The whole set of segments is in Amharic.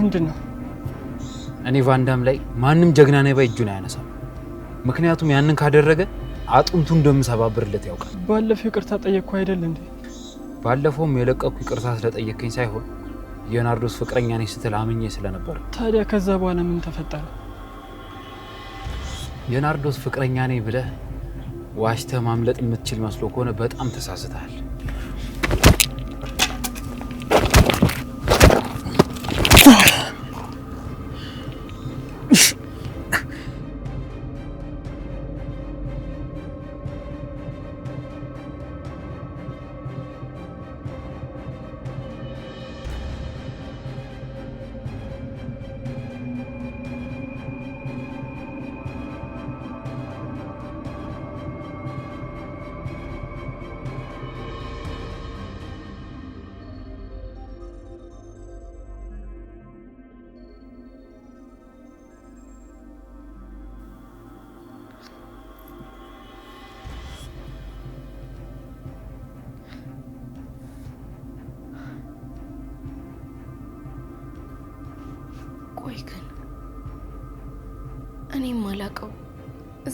ምንድን ነው? እኔ ቫንዳም ላይ ማንም ጀግና ነኝ ባይ እጁን አያነሳም። ምክንያቱም ያንን ካደረገ አጥንቱ እንደምሰባብርለት ያውቃል። ባለፈው ይቅርታ ጠየቅኩ አይደል እንዴ? ባለፈውም የለቀኩ ይቅርታ ስለጠየቅኝ ሳይሆን የናርዶስ ፍቅረኛ ነኝ ስትል አምኜ ስለነበረ። ታዲያ ከዛ በኋላ ምን ተፈጠረ? የናርዶስ ፍቅረኛ ነኝ ብለህ ዋሽተ ማምለጥ የምትችል መስሎ ከሆነ በጣም ተሳስተሃል።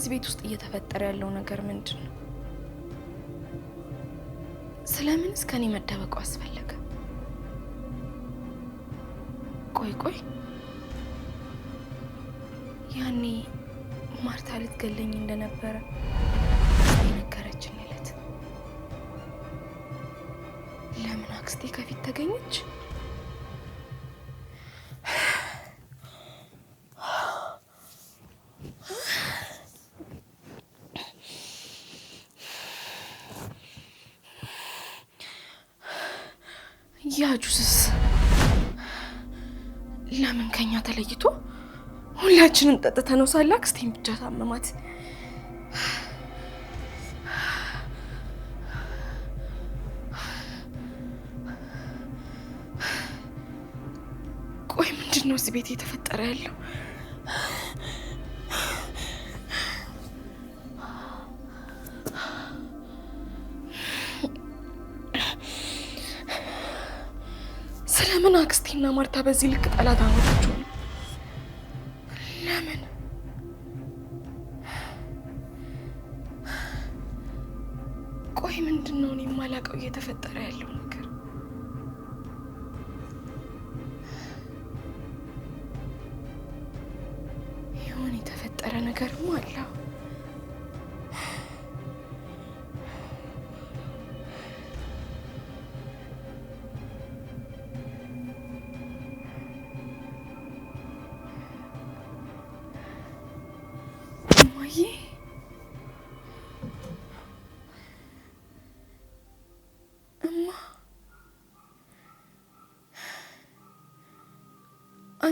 እዚህ ቤት ውስጥ እየተፈጠረ ያለው ነገር ምንድን ነው? ስለምንስ ከኔ መደበቁ አስፈለገ? ቆይ ቆይ፣ ያኔ ማርታ ልትገለኝ እንደነበረ የነገረችን ዕለት ለምን አክስቴ ከፊት ተገኘች? ሁላችንም ጠጥተ ነው ሳለ አክስቴን ብቻ ታመማት። ቆይ ምንድን ነው እዚህ ቤት እየተፈጠረ ያለው? ስለምን አክስቴና ማርታ በዚህ ልክ ጠላት አወራቸው?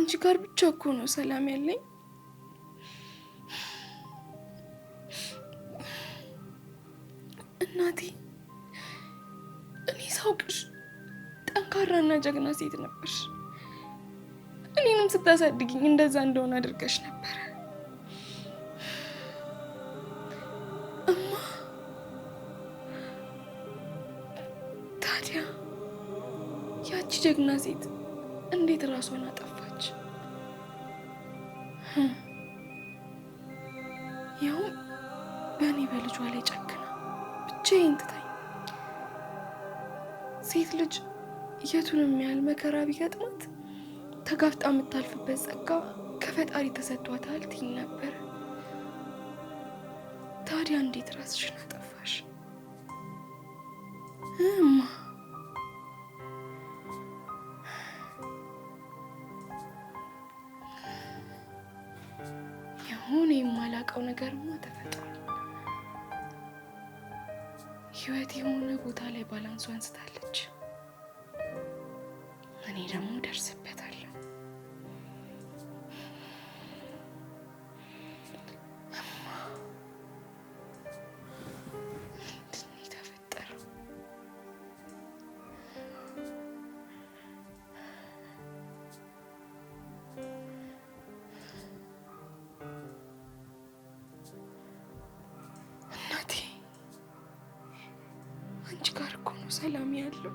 ከአንቺ ጋር ብቻ እኮ ነው ሰላም ያለኝ። እናቴ እኔ ሳውቅሽ ጠንካራና ጀግና ሴት ነበርሽ። እኔንም ስታሳድግኝ እንደዛ እንደሆነ አድርገሽ ነበረ። እማ ታዲያ ያቺ ጀግና ሴት እንዴት ራሷን አጠፋ? ይኸውም በእኔ በልጇ ላይ ጨክና ብቻዬን ትታኝ። ሴት ልጅ የቱንም ያህል መከራ ቢገጥማት ተጋፍጣ የምታልፍበት ጸጋ ከፈጣሪ ተሰጥቷታል ትይኝ ነበር። ታዲያ እንዴት ራስሽ ናት ነገርማ ተፈጥሯል። ህይወት የሆነ ቦታ ላይ ባላንሷ አንስታለች። ሰላም ያለው።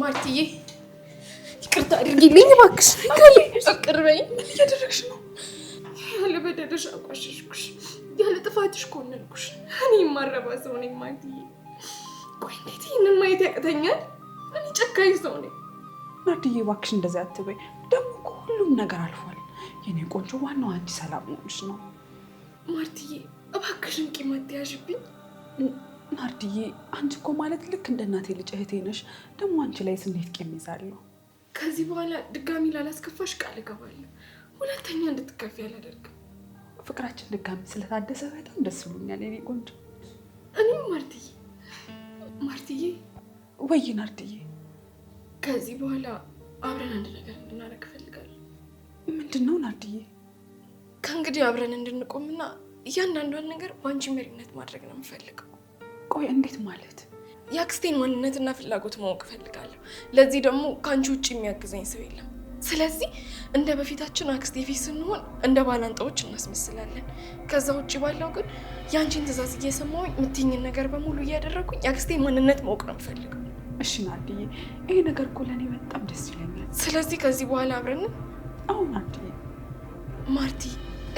ማርትዬ ይቅርታ አድርጊልኝ እባክሽ። ቅርበኝ። እያደረግሽ ነው መጨረሻ አቋሸሽኩሽ። ያለ ጥፋትሽ ኮነንኩሽ። እኔ የማረባ ሰው ነኝ ማለትዬ። ቆይ እንዴት ይህንን ማየት ያቅተኛል? እኔ ጨካኝ ሰው ነኝ። ናርድዬ እባክሽ እንደዚያ አትበይ። ደግሞ እኮ ሁሉም ነገር አልፏል። የኔ ቆንጆ፣ ዋናው አንቺ ሰላም መሆንሽ ነው። ማርትዬ እባክሽን ቂም አትያዥብኝ። ናርድዬ አንቺ እኮ ማለት ልክ እንደ እናቴ ልጅ እህቴ ነሽ። ደግሞ አንቺ ላይ ስንሄድ ቂም ይዛለሁ። ከዚህ በኋላ ድጋሚ ላላስከፋሽ ቃል እገባለሁ። ሁለተኛ እንድትከፊ አላደርግም። ፍቅራችን ድጋሚ ስለታደሰ በጣም ደስ ብሎኛል የኔ ቆንጆ። እኔም ማርትዬ ማርትዬ፣ ወይ ናርድዬ፣ ከዚህ በኋላ አብረን አንድ ነገር እንድናደርግ እፈልጋለሁ። ምንድን ነው ናርድዬ? ከእንግዲህ አብረን እንድንቆምና እያንዳንዷን ነገር በአንቺ መሪነት ማድረግ ነው የምፈልገው። ቆይ እንዴት ማለት? የአክስቴን ማንነትና ፍላጎት ማወቅ እፈልጋለሁ። ለዚህ ደግሞ ከአንቺ ውጭ የሚያግዘኝ ሰው የለም። ስለዚህ እንደ በፊታችን አክስቴ ፊት ስንሆን እንደ ባላንጣዎች እናስመስላለን። ከዛ ውጭ ባለው ግን የአንቺን ትዕዛዝ እየሰማሁኝ የምትይኝን ነገር በሙሉ እያደረጉኝ የአክስቴ ማንነት ማወቅ ነው የምፈልገው። እሺ ናድዬ፣ ይሄ ነገር እኮ ለእኔ በጣም ደስ ይለኛል። ስለዚህ ከዚህ በኋላ አብረን አሁን ናድዬ። ማርቲ፣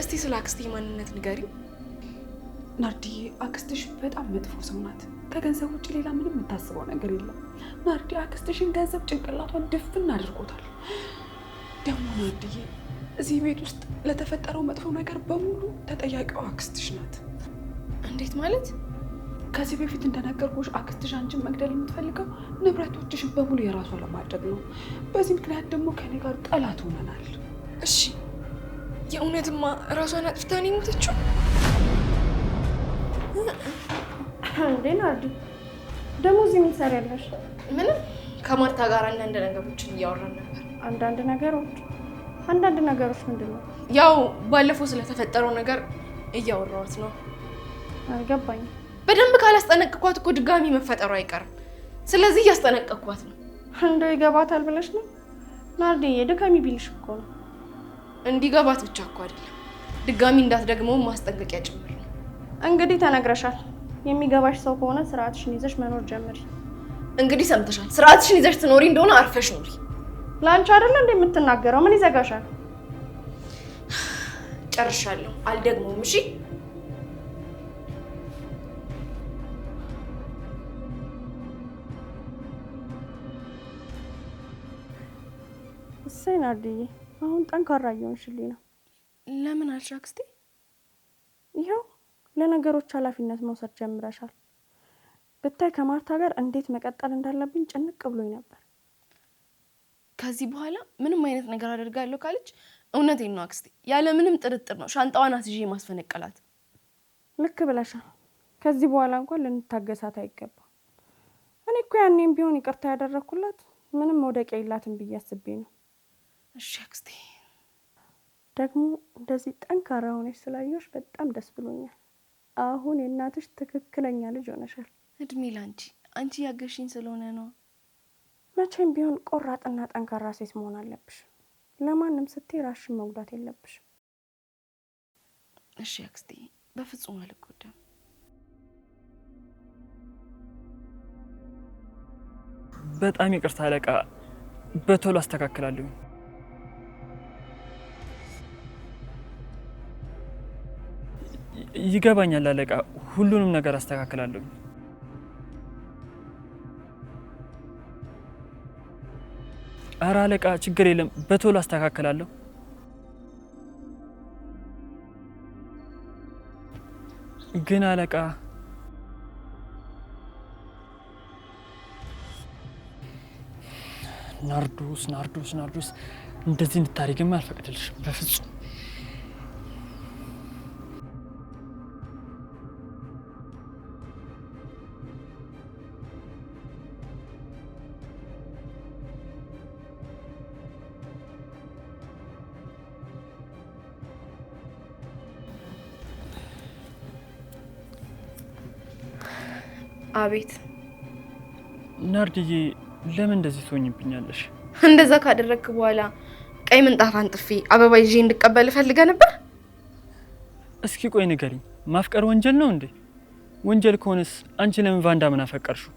እስቲ ስለ አክስቴ ማንነት ንገሪ። ናርዲዬ አክስትሽ በጣም መጥፎ ሰው ናት። ከገንዘብ ውጭ ሌላ ምንም የምታስበው ነገር የለም። ናርዲ አክስትሽን ገንዘብ ጭንቅላቷን ድፍን አድርጎታል። ደግሞ ናድዬ እዚህ ቤት ውስጥ ለተፈጠረው መጥፎ ነገር በሙሉ ተጠያቂው አክስትሽ ናት። እንዴት ማለት? ከዚህ በፊት እንደነገርኩሽ አክስትሽ አንቺን መግደል የምትፈልገው ንብረቶችሽን በሙሉ የራሷ ለማድረግ ነው። በዚህ ምክንያት ደግሞ ከኔ ጋር ጠላት ሆነናል። እሺ፣ የእውነትማ ራሷን አጥፍታ ነው የሞተችው? እንዴ ናዲ፣ ደግሞ እዚህ ምን ትሰሪያለሽ? ምንም ከማርታ ጋር አንዳንድ ነገሮችን እያወራን ነበር አንዳንድ ነገሮች አንዳንድ ነገሮች ምንድን ነው? ያው ባለፈው ስለተፈጠረው ነገር እያወራሁት ነው። አልገባኝም። በደንብ ካላስጠነቅኳት እኮ ድጋሚ መፈጠሩ አይቀርም። ስለዚህ እያስጠነቀኳት ነው። እንደው ይገባታል ብለሽ ነው? ናርዲዬ ድጋሚ ቢልሽ እኮ ነው። እንዲገባት ብቻ እኮ አይደለም፣ ድጋሚ እንዳትደግመው ማስጠንቀቂያ ጭምር ነው። እንግዲህ ተነግረሻል። የሚገባሽ ሰው ከሆነ ስርዓትሽን ይዘሽ መኖር ጀምሪ። እንግዲህ ሰምተሻል። ስርዓትሽን ይዘሽ ትኖሪ እንደሆነ አርፈሽ ኖሪ። ለአንቺ አይደለ እንደ የምትናገረው ምን ይዘጋሻል? ጨርሻለሁ፣ አልደግሞም። እሺ እሰይ ናርዲዬ፣ አሁን ጠንካራ እየሆንሽልኝ ነው። ለምን አልሽ አክስቴ? ይኸው ለነገሮች ኃላፊነት መውሰድ ጀምረሻል። ብታይ ከማርታ ጋር እንዴት መቀጠል እንዳለብኝ ጭንቅ ብሎኝ ነበር። ከዚህ በኋላ ምንም አይነት ነገር አደርጋለሁ ካለች እውነቴን ነው አክስቴ፣ ያለ ምንም ጥርጥር ነው ሻንጣዋን አስይዤ ማስፈነቀላት። ልክ ብለሻል። ከዚህ በኋላ እንኳን ልንታገሳት አይገባ። እኔ እኮ ያኔም ቢሆን ይቅርታ ያደረግኩላት ምንም መውደቂያ የላትን ብዬ አስቤ ነው። እሺ አክስቴ፣ ደግሞ እንደዚህ ጠንካራ ሆነች ስላየሽ በጣም ደስ ብሎኛል። አሁን የእናትሽ ትክክለኛ ልጅ ሆነሻል። እድሜ ላንቺ። አንቺ ያገሽኝ ስለሆነ ነው መቼም ቢሆን ቆራጥና ጠንካራ ሴት መሆን አለብሽ። ለማንም ስትይ ራስሽን መጉዳት የለብሽ። እሺ አክስቴ፣ በፍጹም አልጎዳም። በጣም ይቅርታ አለቃ፣ በቶሎ አስተካክላለሁ። ይገባኛል አለቃ፣ ሁሉንም ነገር አስተካክላለሁ። ኧረ አለቃ ችግር የለም በቶሎ አስተካከላለሁ። ግን አለቃ ናርዶስ ናርዶስ ናርዶስ እንደዚህ እንድታደርጊማ አልፈቅድልሽም በፍጹም። አቤት ናርድዬ፣ ለምን እንደዚህ ትሆኝብኛለሽ? እንደዛ ካደረግክ በኋላ ቀይ ምንጣፍ አንጥፌ አበባ ይዤ እንድቀበል እፈልገ ነበር። እስኪ ቆይ ንገሪኝ፣ ማፍቀር ወንጀል ነው እንዴ? ወንጀል ከሆነስ አንቺ ለምን ቫንዳ ምን አፈቀርሽው?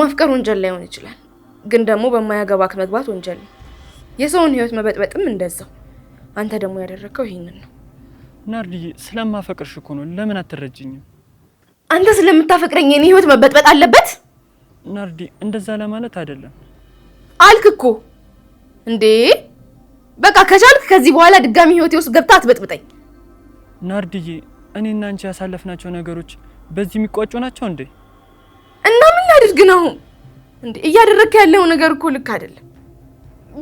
ማፍቀር ወንጀል ላይሆን ይችላል፣ ግን ደግሞ በማያገባክ መግባት ወንጀል ነው። የሰውን ህይወት መበጥበጥም እንደዛው። አንተ ደግሞ ያደረግከው ይሄንን ነው። ናርድዬ፣ ስለማፈቅርሽ እኮ ነው። ለምን አትረጅኝም? አንተ ስለምታፈቅረኝ የኔ ህይወት መበጥበጥ አለበት? ናርዲ፣ እንደዛ ለማለት አይደለም አልክ እኮ እንዴ። በቃ ከቻልክ ከዚህ በኋላ ድጋሚ ህይወቴ ውስጥ ገብታ አትበጥብጠኝ። ናርዲዬ፣ እኔና አንቺ ያሳለፍናቸው ነገሮች በዚህ የሚቋጩ ናቸው እንዴ? እና ምን ላድርግ ነው እንዴ? እያደረግክ ያለው ነገር እኮ ልክ አይደለም።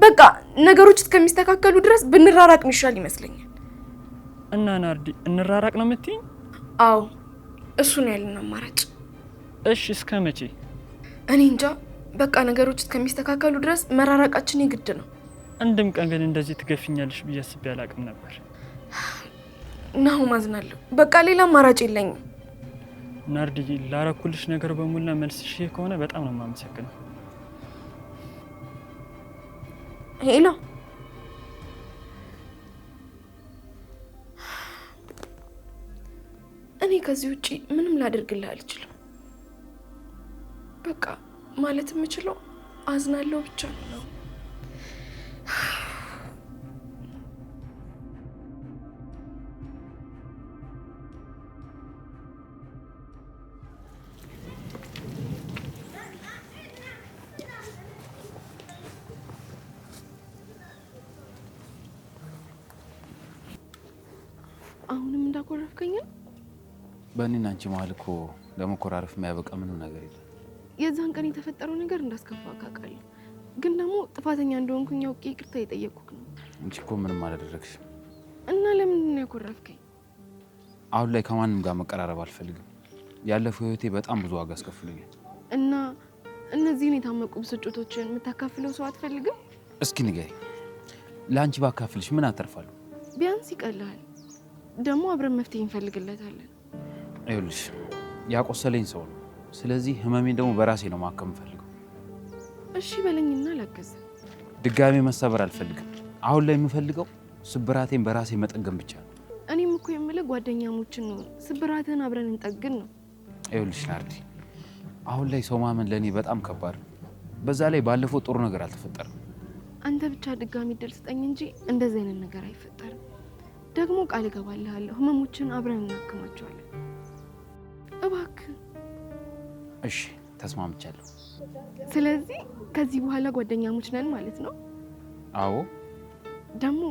በቃ ነገሮች እስከሚስተካከሉ ድረስ ብንራራቅ ሚሻል ይመስለኛል። እና ናርዲ፣ እንራራቅ ነው የምትይኝ? አዎ እሱን ያለን አማራጭ። እሺ እስከ መቼ? እኔ እንጃ። በቃ ነገሮች እስከሚስተካከሉ ድረስ መራራቃችን የግድ ነው። አንድም ቀን ግን እንደዚህ ትገፊኛለሽ ብዬ አስቤ አላቅም ነበር። ናሁ ማዝናለሁ በቃ ሌላ አማራጭ የለኝም። ናርድዬ ላረኩልሽ ነገር በሙላ መልስሽ ከሆነ በጣም ነው የማመሰግነው። ሄሎ ከዚህ ውጪ ምንም ላደርግልህ አልችልም። በቃ ማለት የምችለው አዝናለሁ ብቻ ነው። አሁንም እንዳኮረፍከኝ ነው። በእኔና አንቺ መሀል እኮ ለመኮራረፍ የሚያበቃ ምንም ነገር የለም። የዛን ቀን የተፈጠረው ነገር እንዳስከፋ አውቃለሁ፣ ግን ደግሞ ጥፋተኛ እንደሆንኩኝ አውቄ ይቅርታ የጠየቅኩት ነው። አንቺ እኮ ምንም አላደረግሽም። እና ለምንድን ነው አሁን ላይ ከማንም ጋር መቀራረብ አልፈልግም። ያለፈው ህይወቴ በጣም ብዙ ዋጋ አስከፍሎኛል። እና እነዚህን የታመቁ ብስጭቶችን የምታካፍለው ሰው አትፈልግም? እስኪ ንገሪ፣ ለአንቺ ባካፍልሽ ምን አተርፋለሁ? ቢያንስ ይቀልሃል። ደግሞ አብረን መፍትሄ እንፈልግለታለን። ይኸውልሽ ያቆሰለኝ ሰው ነው። ስለዚህ ህመሜን ደግሞ በራሴ ነው ማከም ፈልገው። እሺ በለኝና ላገዘ። ድጋሜ መሰበር አልፈልግም። አሁን ላይ የምፈልገው ስብራቴን በራሴ መጠገም ብቻ ነው። እኔም እኮ የምልህ ጓደኛሞችን ነው ስብራትን አብረን እንጠግን ነው። ይኸውልሽ ናርዲ፣ አሁን ላይ ሰው ማመን ለእኔ በጣም ከባድ ነው። በዛ ላይ ባለፈው ጥሩ ነገር አልተፈጠርም። አንተ ብቻ ድጋሚ እድል ስጠኝ እንጂ እንደዚህ አይነት ነገር አይፈጠርም። ደግሞ ቃል እገባልሃለሁ ህመሞችን አብረን እናክማቸዋለን። እባክ እሺ ተስማምቻለሁ። ስለዚህ ከዚህ በኋላ ጓደኛሞች ነን ማለት ነው? አዎ። ደግሞ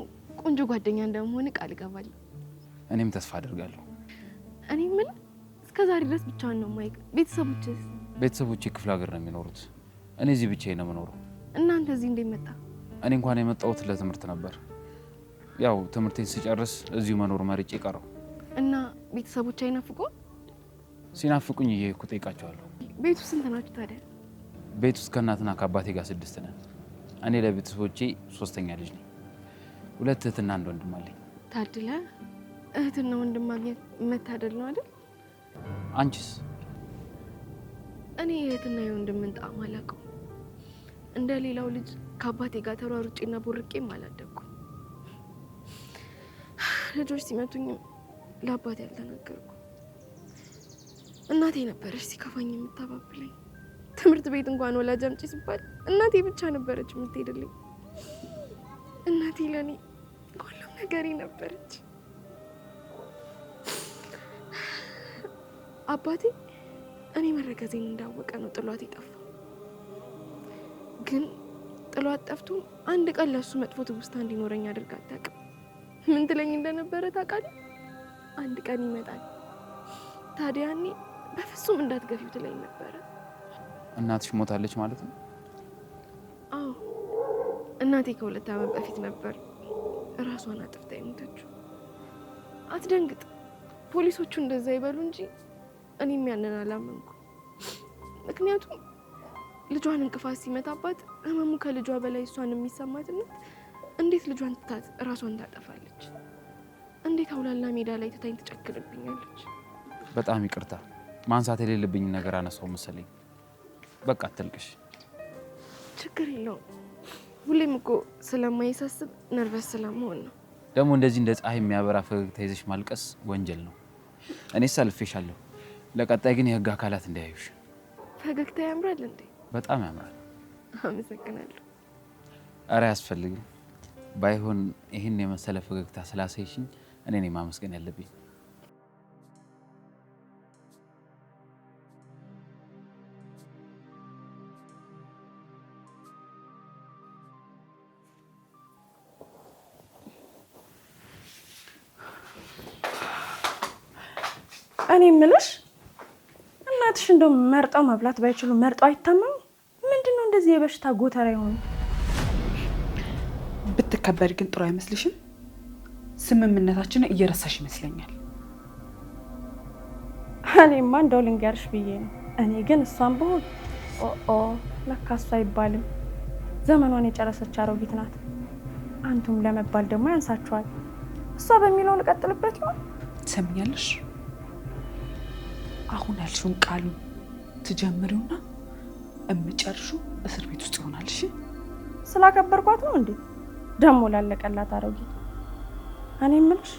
ቆንጆ ጓደኛ እንደመሆን ቃል እገባለሁ። እኔም ተስፋ አደርጋለሁ። እኔ ምን እስከ ዛሬ ድረስ ብቻዋን ነው ማይክ። ቤተሰቦችስ? ቤተሰቦቼ ክፍለ ሀገር ነው የሚኖሩት። እኔ እዚህ ብቻዬን ነው የምኖረው። እናንተ እዚህ እንዴት መጣ? እኔ እንኳን የመጣሁት ለትምህርት ነበር። ያው ትምህርቴን ስጨርስ እዚሁ መኖር መርጬ ቀረው እና ቤተሰቦች አይናፍቁም? ሲናፍቁኝ እየሄድኩ ጠይቃቸዋለሁ። ቤት ስንት ናችሁ ታዲያ? ቤት ውስጥ ከእናትና ከአባቴ ጋር ስድስት ነን። እኔ ለቤተሰቦቼ ሶስተኛ ልጅ ነኝ። ሁለት እህትና አንድ ወንድም አለኝ። ታድለ እህትና ወንድም ማግኘት መታደል ነው አይደል? አንቺስ? እኔ የእህትና የወንድምን ጣዕም አላውቀውም። እንደ ሌላው ልጅ ከአባቴ ጋር ተሯሩጬና ቦርቄም አላደኩም። ልጆች ሲመቱኝም ለአባቴ አልተናገርኩም። እናቴ ነበረች ሲከፋኝ የምታባብለኝ። ትምህርት ቤት እንኳን ወላጅ አምጪ ሲባል እናቴ ብቻ ነበረች የምትሄድልኝ። እናቴ ለእኔ ሁሉም ነገሬ ነበረች። አባቴ እኔ መረገዜን እንዳወቀ ነው ጥሏት የጠፋው። ግን ጥሏት ጠፍቶ አንድ ቀን ለእሱ መጥፎ ትውስታ እንዲኖረኝ አድርጋ አታውቅም። ምን ትለኝ እንደነበረ ታውቃለህ? አንድ ቀን ይመጣል ታዲያ እኔ በፍጹም እንዳትገፊው ትለኝ ነበረ። እናትሽ ሞታለች ማለት ነው? አዎ፣ እናቴ ከሁለት ዓመት በፊት ነበር እራሷን አጥፍታ የሞተችው። አትደንግጥ፣ ፖሊሶቹ እንደዛ ይበሉ እንጂ እኔም ያንን አላመንኩ። ምክንያቱም ልጇን እንቅፋት ሲመታባት ህመሙ ከልጇ በላይ እሷን የሚሰማት እናት እንዴት ልጇን ትታት እራሷን ታጠፋለች? እንዴት አውላላ ሜዳ ላይ ትታኝ ትጨክንብኛለች? በጣም ይቅርታ ማንሳት የሌለብኝ ነገር አነሳው መሰለኝ። በቃ አትልቅሽ፣ ችግር የለው። ሁሌም እኮ ስለማይሳስብ ነርቨስ ስለመሆን ነው። ደግሞ እንደዚህ እንደ ፀሐይ የሚያበራ ፈገግታ ይዘሽ ማልቀስ ወንጀል ነው። እኔስ አልፌሻለሁ። ለቀጣይ ግን የህግ አካላት እንዳያዩሽ። ፈገግታ ያምራል እንዴ? በጣም ያምራል። አመሰግናለሁ። አረ አያስፈልግም። ባይሆን ይህን የመሰለ ፈገግታ ስላሳይሽኝ እኔ ማመስገን ያለብኝ። የምልሽ እናትሽ እንደው መርጠው መብላት ባይችሉ መርጠው አይታመሙ። ምንድነው እንደዚህ የበሽታ ጎተራ የሆኑ? ብትከበር ግን ጥሩ አይመስልሽም? ስምምነታችንን እየረሳሽ ይመስለኛል። እኔማ እንደው ልንገርሽ ብዬ ነው። እኔ ግን እሷም በሆን ኦ ለካ እሷ አይባልም ዘመኗን የጨረሰች አሮጊት ናት። አንቱም ለመባል ደግሞ ያንሳችኋል። እሷ በሚለው ልቀጥልበት ይሆን? ትሰምኛለሽ? አሁን ያልሽውን ቃሉ ትጀምሪውና እምጨርሹ እስር ቤት ውስጥ ይሆናል። እሺ ስላከበርኳት ነው እንዴ? ደሞ ላለቀላት አሮጊት እኔ የምልሽ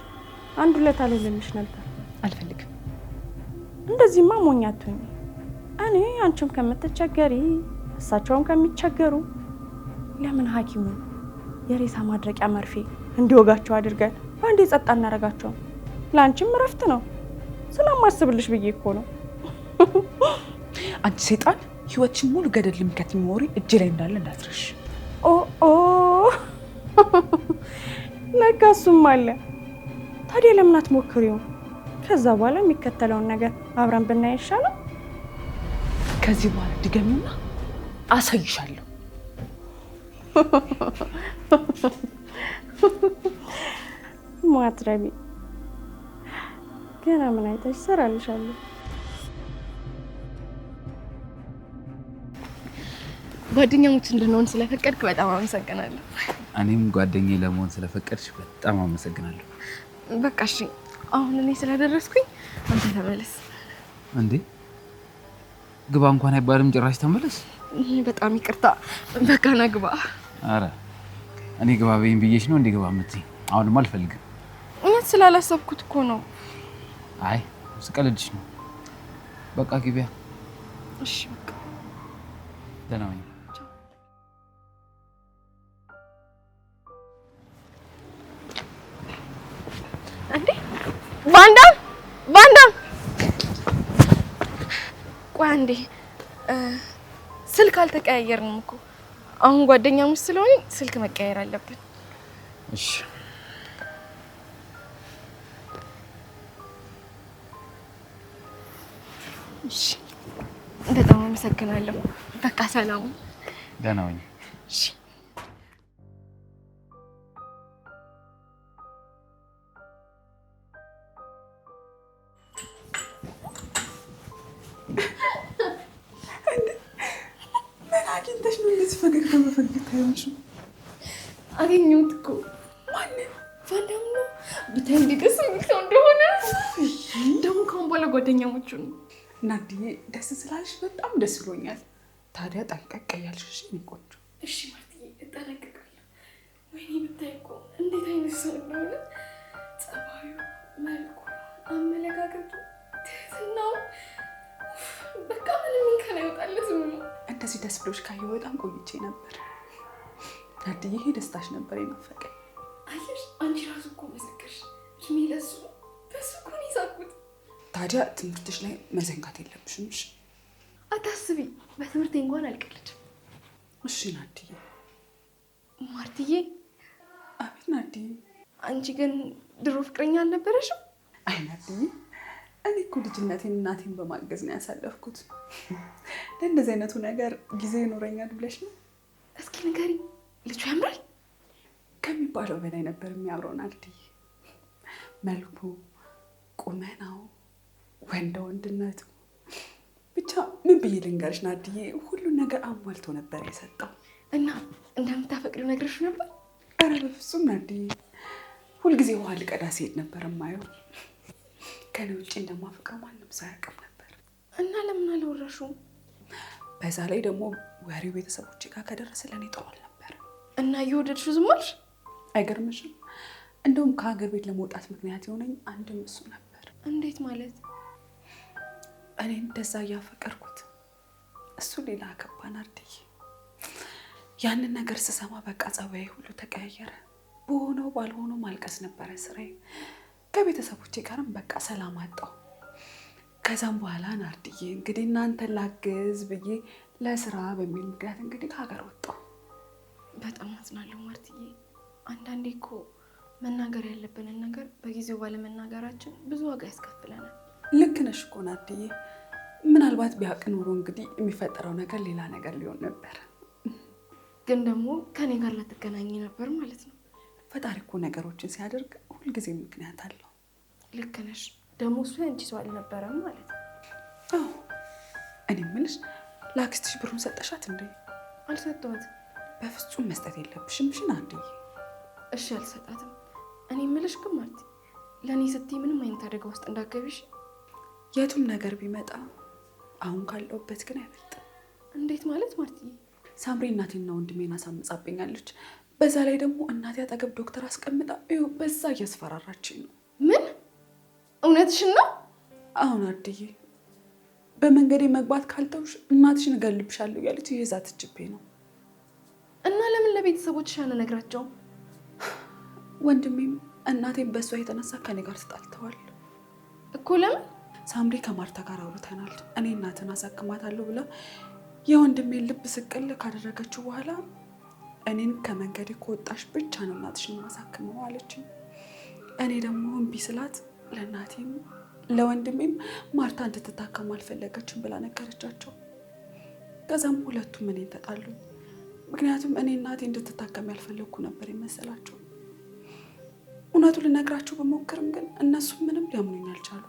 አንድ ሁለት አልልልሽ ነበር። አልፈልግም። እንደዚህማ ሞኝ አትሆኝ። እኔ አንቺም ከምትቸገሪ እሳቸውም ከሚቸገሩ ለምን ሀኪሙ የሬሳ ማድረቂያ መርፌ እንዲወጋቸው አድርገን በአንድ የጸጣ እናደርጋቸውም ለአንቺም እረፍት ነው። ስለማስብልሽ ብዬ እኮ ነው። አንቺ ሴጣን ህይወትሽን ሙሉ ገደል ልምከት የሚወሪ እጅ ላይ እንዳለ እንዳትረሽ። ኦ ነጋ እሱም አለ። ታዲያ ለምን አትሞክሪውም? ከዛ በኋላ የሚከተለውን ነገር አብረን ብናይ ይሻላል። ከዚህ በኋላ ድገሚና አሳይሻለሁ። ማትረቢ ገና ምን አይተሽ እሰራልሻለሁ። ጓደኛሞች እንድንሆን ስለፈቀድክ በጣም አመሰግናለሁ። እኔም ጓደኛ ለመሆን ስለፈቀድሽ በጣም አመሰግናለሁ። በቃ እሺ፣ አሁን እኔ ስለደረስኩኝ አንተ ተመለስ። እንዴ ግባ እንኳን አይባልም ጭራሽ ተመለስ። በጣም ይቅርታ። በቃ ና ግባ። አረ እኔ ግባ በይኝ ብዬሽ ነው እንዴ ግባ የምትይኝ? አሁንማ አልፈልግም። እውነት ስላላሰብኩት እኮ ነው አይ ስቀልድሽ ነው። በቃ ግቢያ። እሺ በቃ ደህና ነኝ። ባንዳ ባንዳ፣ ቆይ አንዴ። ስልክ አልተቀያየርንም እኮ አሁን ጓደኛሞች ስለሆነ ስልክ መቀያየር አለብን። እሺ እሺ፣ በጣም አመሰግናለሁ። በቃ ሰላሙ ደህና ሁኚ። እሺ አገኘሁት እኮ ማንን? ፋንዳም ብታይ፣ እንደሆነ ደግሞ። ከአሁን በኋላ ጓደኛሞቹ ነው እናንትዬ ደስ ስላለሽ በጣም ደስ ብሎኛል። ታዲያ ጠንቀቅ እያልሽ እኔ ቆንጆ። እሺ ማርትዬ እጠነቀቃለሁ። ወይኔ ብታይ እኮ እንዴት አይነት ሰው እንደሆነ ጸባዩ፣ መልኩ፣ አመለጋገጡ፣ ትህትናው በቃ ምንም ከና ይወጣለት እንደዚህ ደስ ብሎች ካየሁ በጣም ቆይቼ ነበር። ናድዬ ይሄ ደስታሽ ነበር የናፈቀኝ። አየሽ አንቺ ራሱ እኮ መሰከርሽ እድሜ ለሱ ታዲያ ትምህርትሽ ላይ መዘንጋት የለብሽም። እሺ አታስቢ፣ በትምህርቴ እንኳን አልቀልድም። እሺ ናድዬ። ማርትዬ። አቤት ናድዬ። አንቺ ግን ድሮ ፍቅረኛ አልነበረሽም? አይ ናድዬ፣ እኔ እኮ ልጅነቴን እናቴን በማገዝ ነው ያሳለፍኩት። ለእንደዚህ አይነቱ ነገር ጊዜ ይኖረኛል ብለሽ ነው? እስኪ ንገሪኝ፣ ልጁ ያምራል? ከሚባለው በላይ ነበር የሚያምረው ናድዬ፣ መልኩ ቁመናው ወንደ ወንድነቱ ብቻ ምን ብዬ ልንገርሽ ናድዬ፣ ሁሉን ነገር አሟልቶ ነበር የሰጠው እና እንደምታፈቅደው ነግረሽ ነበር? ኧረ በፍጹም ናድዬ፣ ሁልጊዜ ውሃ ልቀዳ ሲሄድ ነበር የማየው። ከኔ ውጭ እንደማፈቅረው ማንም ሰው ነበር እና ለምን አላወራሽውም? በዛ ላይ ደግሞ ወሬው ቤተሰቦች ጋር ከደረሰ ለእኔ ጠዋል ነበር። እና እየወደድሽ ዝም አይገርምሽም? እንደውም ከሀገር ቤት ለመውጣት ምክንያት የሆነኝ አንድም እሱ ነበር። እንዴት ማለት? እኔ እንደዛ እያፈቀርኩት እሱ ሌላ አገባን። አርድዬ ያንን ነገር ስሰማ በቃ ጸባዬ ሁሉ ተቀያየረ። በሆነው ባልሆነው ማልቀስ ነበረ ስራዬ። ከቤተሰቦቼ ጋርም በቃ ሰላም አጣው ከዛም በኋላ ናርድዬ እንግዲህ እናንተ ላግዝ ብዬ ለስራ በሚል ምክንያት እንግዲህ ከሀገር ወጣው። በጣም አዝናለሁ ማርትዬ። አንዳንዴ እኮ መናገር ያለብንን ነገር በጊዜው ባለመናገራችን ብዙ ዋጋ ያስከፍለናል። ልክ ነሽ እኮ ምናልባት ቢያውቅ ኖሮ እንግዲህ የሚፈጠረው ነገር ሌላ ነገር ሊሆን ነበር። ግን ደግሞ ከኔ ጋር ልትገናኝ ነበር ማለት ነው። ፈጣሪ እኮ ነገሮችን ሲያደርግ ሁልጊዜ ምክንያት አለው። ልክ ነሽ። ደግሞ እሱ ያንቺ ሰው አልነበረም ማለት ነው። እኔ የምልሽ ለአክስትሽ ብሩን ሰጠሻት እንዴ? አልሰጠኋት። በፍጹም መስጠት የለብሽም። ሽን አንድዬ እሺ፣ አልሰጣትም። እኔ ምልሽ ግን ማለት ለእኔ ስትይ ምንም አይነት አደጋ ውስጥ እንዳትገቢሽ የቱም ነገር ቢመጣ አሁን ካለውበት ግን አይበልጥም። እንዴት ማለት ማርትዬ? ሳምሪ እናቴና ወንድሜን አሳምጻብኛለች። በዛ ላይ ደግሞ እናቴ አጠገብ ዶክተር አስቀምጣ እዩ፣ በዛ እያስፈራራችኝ ነው። ምን እውነትሽን ነው? አሁን አድዬ በመንገዴ መግባት ካልተውሽ እናትሽን እገልብሻለሁ እያለች ይዛ ትጅቤ ነው። እና ለምን ለቤተሰቦችሽ አልነግራቸውም? ወንድሜም እናቴም በእሷ የተነሳ ከኔ ጋር ተጣልተዋል እኮ ለምን ሳምሪ ከማርታ ጋር አውርተናል። እኔ እናትን አሳክማታለሁ ብላ የወንድሜን ልብ ስቅል ካደረገችው በኋላ እኔን ከመንገድ ከወጣሽ ብቻ ነው እናትሽን ማሳክመው አለችኝ። እኔ ደግሞ እምቢ ስላት ለእናቴም ለወንድሜም ማርታ እንድትታከም አልፈለገችም ብላ ነገረቻቸው። ከዛም ሁለቱም እኔን ተጣሉኝ። ምክንያቱም እኔ እናቴ እንድትታከም ያልፈለግኩ ነበር የመሰላቸው። እውነቱ ልነግራቸው በሞክርም ግን እነሱ ምንም ሊያምኑኝ አልቻሉ።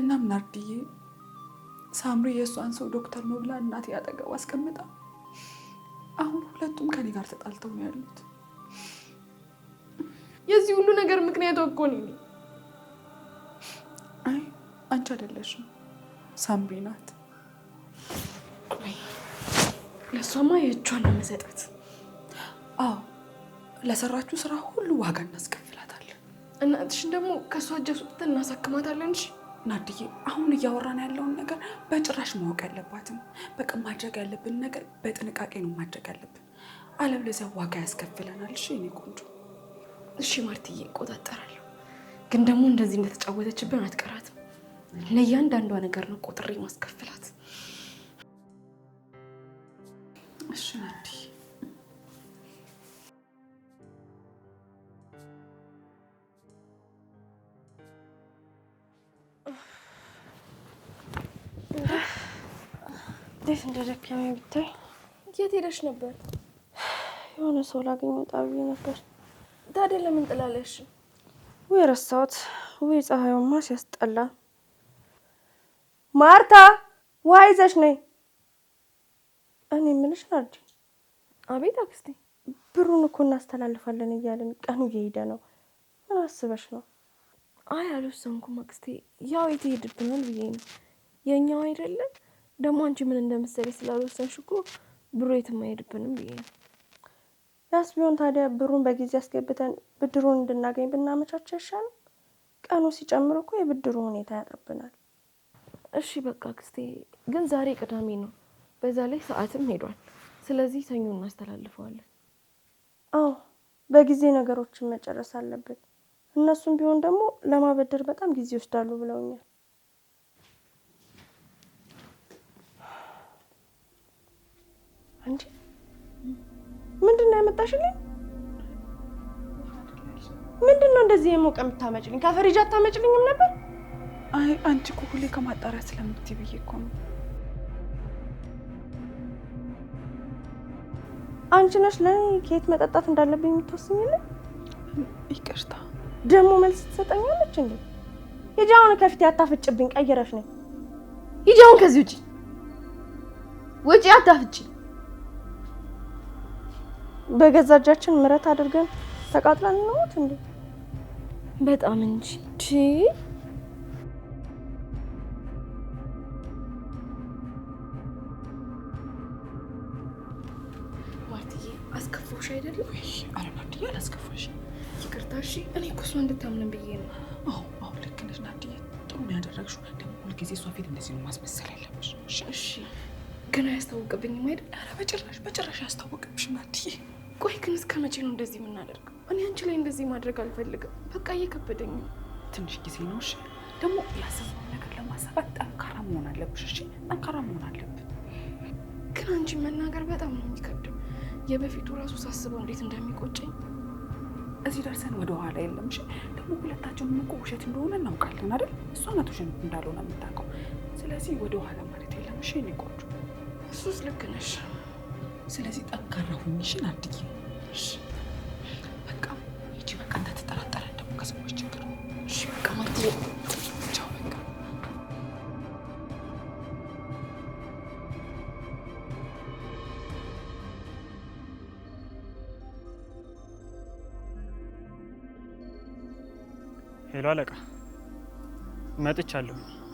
እናም ናርድዬ ሳምሪ የእሷን ሰው ዶክተር ነው ብላ እናቴ አጠገቡ አስቀምጣ አሁን ሁለቱም ከኔ ጋር ተጣልተው ነው ያሉት። የዚህ ሁሉ ነገር ምክንያት እኮ ነኝ። አይ አንቺ አይደለሽም፣ ሳምሪ ናት። ለእሷማ የእጇን ነው መሰጠት። አዎ ለሰራችሁ ስራ ሁሉ ዋጋ እናስከፍላታለን። እናትሽን ደግሞ ከእሷ እጀ እናሳክማታለን። እሺ ናድዬ አሁን እያወራን ያለውን ነገር በጭራሽ ማወቅ ያለባትም። በቃ ማድረግ ያለብን ነገር በጥንቃቄ ነው ማድረግ ያለብን፣ አለበለዚያ ዋጋ ያስከፍለናል። እሺ እኔ ቆንጆ። እሺ ማርትዬ፣ እቆጣጠራለሁ። ግን ደግሞ እንደዚህ እንደተጫወተችብን አትቀራትም። ለእያንዳንዷ ነገር ነው ቁጥሬ ማስከፍላት። እሺ ናድዬ እንዴት እንደደከመኝ ብታይ። የት ሄደሽ ነበር? የሆነ ሰው ላገኝ ወጣ ብዬ ነበር። ታዲያ ለምን ጥላለሽ? ወይ ረሳሁት፣ ወይ ፀሐዩማ ሲያስጠላ። ማርታ ውሃ ይዘሽ ነይ። እኔ የምልሽ ናርዲ። አቤት አክስቴ። ብሩን እኮ እናስተላልፋለን እያለን ቀኑ እየሄደ ነው። ምን አስበሽ ነው? አይ አልወሰንኩም አክስቴ። ያው የት ብዬ ነው የእኛው አይደለም ደግሞ አንቺ ምን እንደምትሰሪ ስላልወሰንሽ እኮ ብሩ የትም አይሄድብንም ብዬ ነው። ያስ ቢሆን ታዲያ ብሩን በጊዜ አስገብተን ብድሩን እንድናገኝ ብናመቻቸ ይሻል። ቀኑ ሲጨምር እኮ የብድሩ ሁኔታ ያጥርብናል። እሺ በቃ ክስቴ፣ ግን ዛሬ ቅዳሜ ነው፣ በዛ ላይ ሰዓትም ሄዷል። ስለዚህ ሰኞ እናስተላልፈዋለን። አዎ በጊዜ ነገሮችን መጨረስ አለብን። እነሱም ቢሆን ደግሞ ለማበደር በጣም ጊዜ ይወስዳሉ ብለውኛል። እንዴ ምንድን ነው ያመጣሽልኝ? ምንድን ነው እንደዚህ የሞቀ የምታመጭልኝ? ከፍሪጅ አታመጭልኝም ነበር? አይ አንቺ እኮ ሁሌ ከማጣሪያ ስለምትይ ብዬ እኮ ነው። አንቺ ነሽ ለኔ ከየት መጠጣት እንዳለብኝ የምትወስኝልኝ። ይቅርታ ደግሞ መልስ ትሰጠኛለች እንዴ? የጃውን ከፊት ያታፍጭብኝ፣ ቀይረሽ ነኝ። ይጃውን ከዚህ ውጪ ውጪ፣ አታፍጭ በገዛ እጃችን ምረት አድርገን ተቃጥለን እንሞት እንዴ? በጣም እንጂ አስከፋሽ አይደለ? ኧረ አላስከፋሽ፣ ይቅርታ እሺ። እኔ እኮ እሷ ብዬ ነው። አዎ አዎ፣ ልክ ነሽ ናድዬ። ጥሩ ነው ያደረግሽው። ደግሞ ሁልጊዜ እሷ ፊት እንደዚህ ነው ማስመሰል ያለብሽ። እሺ ገና አያስታወቅብኝም አይደል? ኧረ በጭራሽ በጭራሽ አያስታወቅብሽም ናትዬ። ቆይ ግን እስከ መቼ ነው እንደዚህ የምናደርገው? እኔ አንቺ ላይ እንደዚህ ማድረግ አልፈልግም። በቃ እየከበደኝ ነው። ትንሽ ጊዜ ነው እሺ። ደግሞ ያሰብነውን ነገር ለማሰባት ጠንካራ መሆን አለብሽ እሺ። ጠንካራ መሆን አለብን። ግን አንቺ መናገር በጣም ነው የሚከብደው። የበፊቱ ራሱ ሳስበው እንዴት እንደሚቆጨኝ እዚህ ደርሰን ወደ ኋላ የለም። እሺ ደግሞ ሁለታችን ምቁ ውሸት እንደሆነ እናውቃለን አይደል? እሷ ናት ውሸት እንዳልሆነ የምታውቀው። ስለዚህ ወደ ኋላ ማለት የለም እሺ። እኔ ቆንጆ እሱስ ልክ ነሽ። ስለዚህ ጠንካራ ሁኝሽን አድጊ። በቃ ሂጂ። በቃ እንዳትጠራጠረ ደግሞ ከሰዎች ችግር እሺ። በቃ ማለት ቻው። በቃ ሄሎ፣ አለቃ መጥቻለሁ።